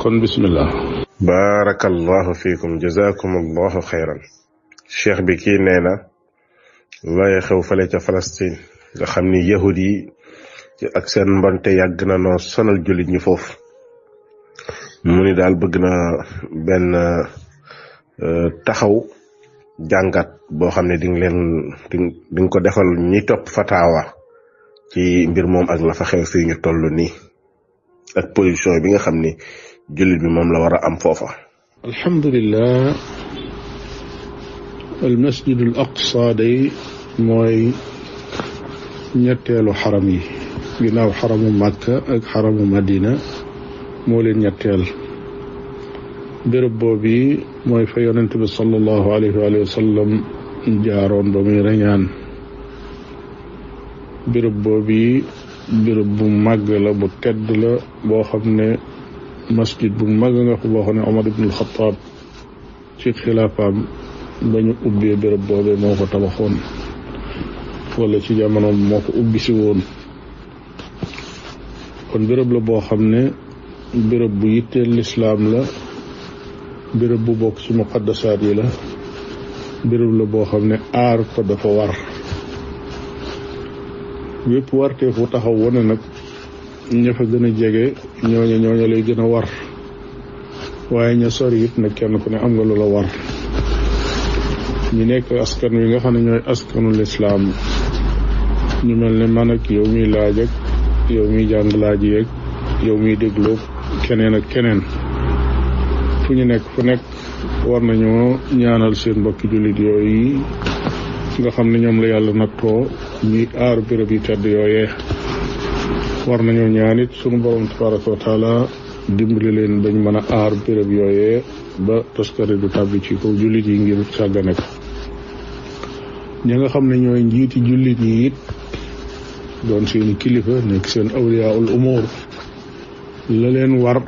kon bismillah baarakallahu fiikum jazakum allahu xayran cheikh bi kii nee na looy xew fale ca Palestine nga xam ni yahud yi ak seen mbonte yàgg na noo sonal jullit ñi foofu mu ni daal bëgg na benn euh, taxaw jàngat boo xam ne di nga leen di ko defal ñi topp fataawa ci mbir moom ak la fa xew fii ñu toll nii ak position bi nga xamni julit bi mom la wara a am foofa alhamdulillah masjid al aqsa day moy ñettelu haram yi ginaaw xaramu màkka ak xaramu madina mo leen ñettel béréb boobu mooy fa yonent bi salallahu alayhi wa sallam jaaroon ba muy rañaan béréb boobu bërëb bu màgg la bu tedd la boo xam ne masjid bu mag nga boo xam ne Omar ibnul Xataab ci xilaafaam ba ñu ubbee bërëb boobee moo ko tabaxoon wala ci jamonoom moo ko ubbi si woon kon bërëb la boo xam ne bërëb bu yitteel lislaam la bërëb bu bokk ci muqaddasaat yi la bërëb la boo xam ne aar ko dafa war wépp wartee fu taxaw wone nag ña fa gën a jege ñooña ñooña lay gën a war waaye ña sori it nag kenn ku ne am nga lu la war ñu nekk askan wi nga xam ne ñooy askanu lislaam ñu mel ne man ak yow miy laaj ak jàng laaj yeeg yow miy déglu keneen ak keneen fu ñu nekk fu nekk war nañoo ñaanal seen mbokki jullit yooyu nga xam ne ñoom la yàlla nattoo ni aru béréb yi tedd yoyé war nañu ñaanit suñu borom tabaraka taala dimbali leen bañ mëna aru aar béréb e. ba toskare du tabbi ci ko julit yi ngir sàggane ko ñi nga xamné ñoy ñooy julit yi doon seen kilifa nek seen awliyaul umur la leen war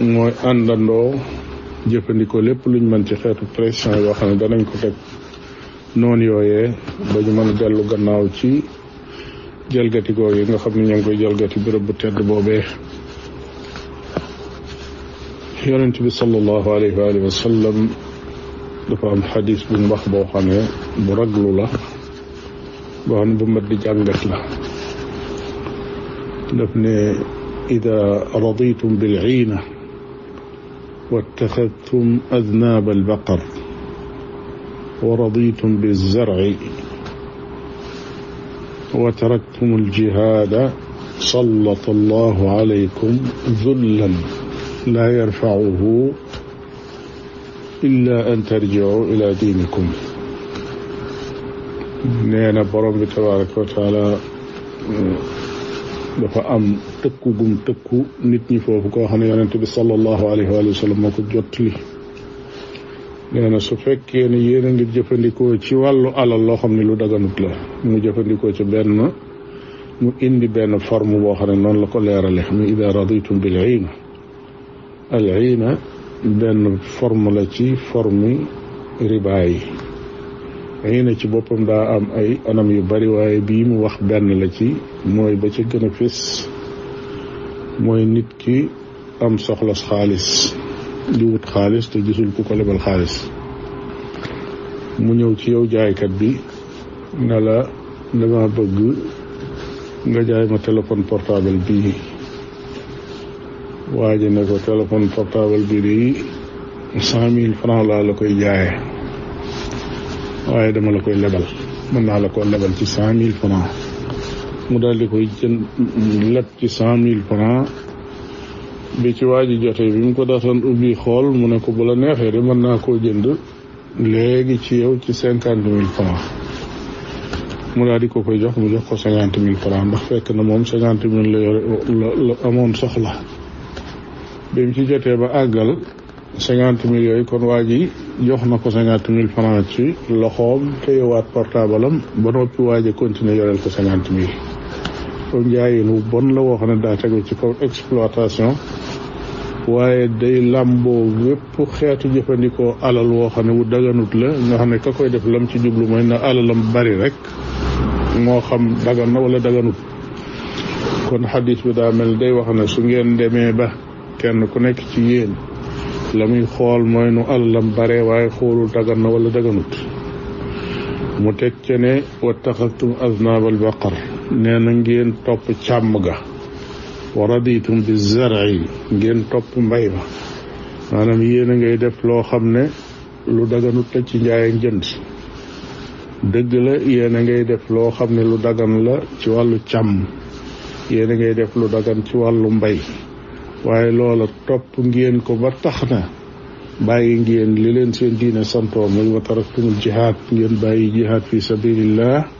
moy andando jëfandikoo lépp luñ mën ci xéetu pression yoo xam ne danañ ko teg non yoyé ba ñu mëna dellu gannaaw ci jëlgati googu yi nga xam ne ña ngi koy jëlgati bërëb bu tedd boobee yonent bi sallallahu alayhi wa wa sallam dafa am xadis bu mbax wax boo xam ne bu raglu la boo xam ne bu mat di jàngat la daf ne ida raditum bilciina wattaxadtum adnaaba albaqar ورضيتم بالزرع وتركتم الجهاد سلط الله عليكم ذلا لا يرفعه إلا أن ترجعوا إلى دينكم نينا نعم، برم تبارك وتعالى دفا ام تكو قم تكو نيت ني فوفو كو صلى الله عليه واله وسلم مكو جوتلي nee na su fekkee ne yéen a ngi jëfandikoo ci wàllu alal loo xam ne lu daganut la mu jëfandikoo ci benn mu indi benn forme boo xam ne noonu la ko leerale mu ida raditum bil iina al benn forme ci forme riba yi iina ci boppam daa am ay anam yu bari waaye bii mu wax benn la ci mooy ba ca gën a mooy nit ki am soxla xaalis di wut xaalis te gisul ku ko lebal xaalis mu ñëw ci yow jaaykat bi ne la dama bëgg nga jaay ma téléphone portable bii waa ji ne ko téléphone portable bi de cent mille franc laa la koy jaayee waaye dama la koy lebal mën naa la ko lebal ci cent mille franc mu daal di koy leb ci franc bi ci waa ji jotee bi mu ko daataan ubbi xool mu ne ko bu la neexee de mën naa koo jënd léegi ci yow ci cinquante mille francs mu daal di ko koy jox mu jox ko cinquante mille francs ndax fekk na moom cinquante mille la yore la amoon soxla bi ci jotee ba àggal cinquante mille yooyu kon waa ji jox na ko cinquante mille francs ci loxoom téyewaat portable am ba noppi waa ji continuer yoreel ko cinquante mille aw njaayin wu bon la woo xam ne daa tegu ci kaw exploitation waaye day làmboo wépp xeetu jëfandikoo alal woo xam ne wu daganut la nga xam ne ka koy def lam ci jublu mooy na alalam bari rek moo xam dagan na wala daganut kon xadis bi daa mel day wax ne su ngeen demee ba kenn ku nekk ci yéen la muy xool mooy nu alalam bare waaye xoolul dagan na walla daganut mu teg ca ne wattaxadtum aznaabal baqar nee na ngeen topp càmm ga wa raditum bi zar'i ngeen topp mbay ma maanaam yéen a ngay def loo xam ne lu daganut la ci njaay ak njënd dëgg la yéen a ngay def loo xam ne lu dagan la ci wàllu càmm yéen a ngay def lu dagan ci wàllu mbay waaye loola topp ngeen ko ba tax na bàyyi ngeen li leen seen diine santoon muy wa taraktumul jihaad ngeen bàyyi jihaad fi sabilillah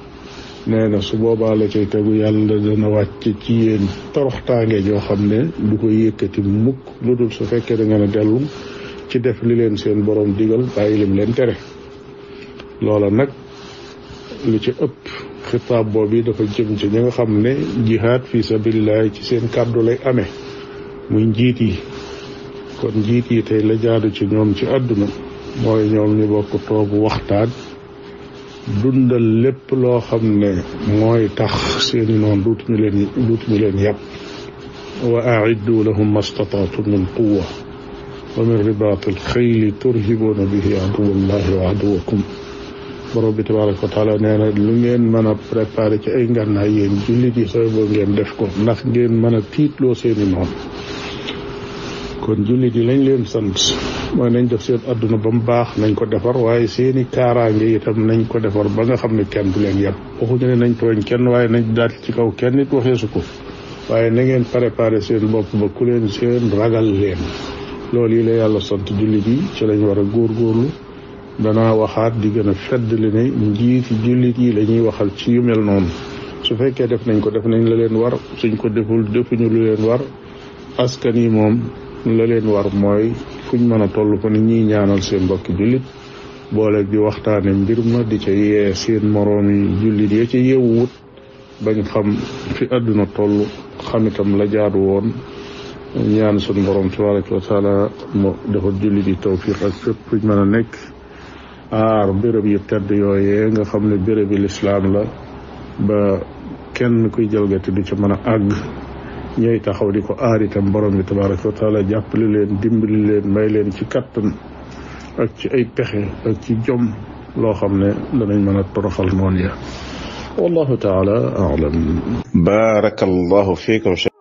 nee na su boobaa la cay tegu yàlla dana wàcc ci yéen toroxtaange joo xam ne du ko yëkkati mukk lu dul su fekkee da nga ne dellu ci def li leen seen boroom digal bàyyi lim leen tere loola nag lu ci ëpp xitaab boobu yi dafa jëm ci ñi nga xam ne jihaad sa sabilillah ci seen kàddu lay ame muy njiit yi kon njiit yi tey la jaadu ci ñoom ci àdduna mooy ñoom ñu bokk toogu waxtaan dundal lépp lo xamne moy tax seen non dut ñu leen dut ñu leen yàpp wa aiddu lahum mastata'tu min quwwa wa min ribaati khayl turhibuuna bihi adullahi wa adukum borom tabaaraku taala neena lu ngeen mën préparer ci ay ngànnaay yéen julli ci sooy boo ngeen def ko ndax ngeen mën a lo seen non kon julli di lañ leen sant mooy nañ def seen adduna ba mu baax nañ ko defar waaye seeni kaaraange yitam nañ ko defar ba nga xam ne kenn du leen yem waxuñu ne nañ tooñ kenn waaye nañ daal ci kaw kenn it waxee su ko waaye na ngeen préparé seen bopp ba ku leen seen ragal leen loolu yi la yàlla sant jullit yi ci lañ war a góorgóorlu danaa waxaat di gën a fedd li ne njiiti jullit yi la ñuy waxal ci yu mel noonu su fekkee def nañ ko def nañ la leen war suñ ko deful defuñu lu leen war askan moom la leen war mooy fuñ mën a toll ko ni ñuy ñaanal seen mbokki jullit boole di waxtaane mbir ma di ca yee seen moroomi jullit ya ca yeewuwut bañ xam fi àdduna toll xamitam la jaadu woon ñaan sun borom tabaraka wa taala mo dafa jullit yi tawfiq ak fépp fuñ mën a nekk aar béréb yu tedd yee nga xam ne béréb yi lislaam la ba kenn kuy jalgati du ca mën a àgg ñooy taxaw diko ari tam borom bi tabaraka wa taala jàppale leen dimbali leen may leen ci kattan ak ci ay pexe ak ci jom loo xam ne danañ mën a toroxal noon ya wallahu taala alam barakallahu fikum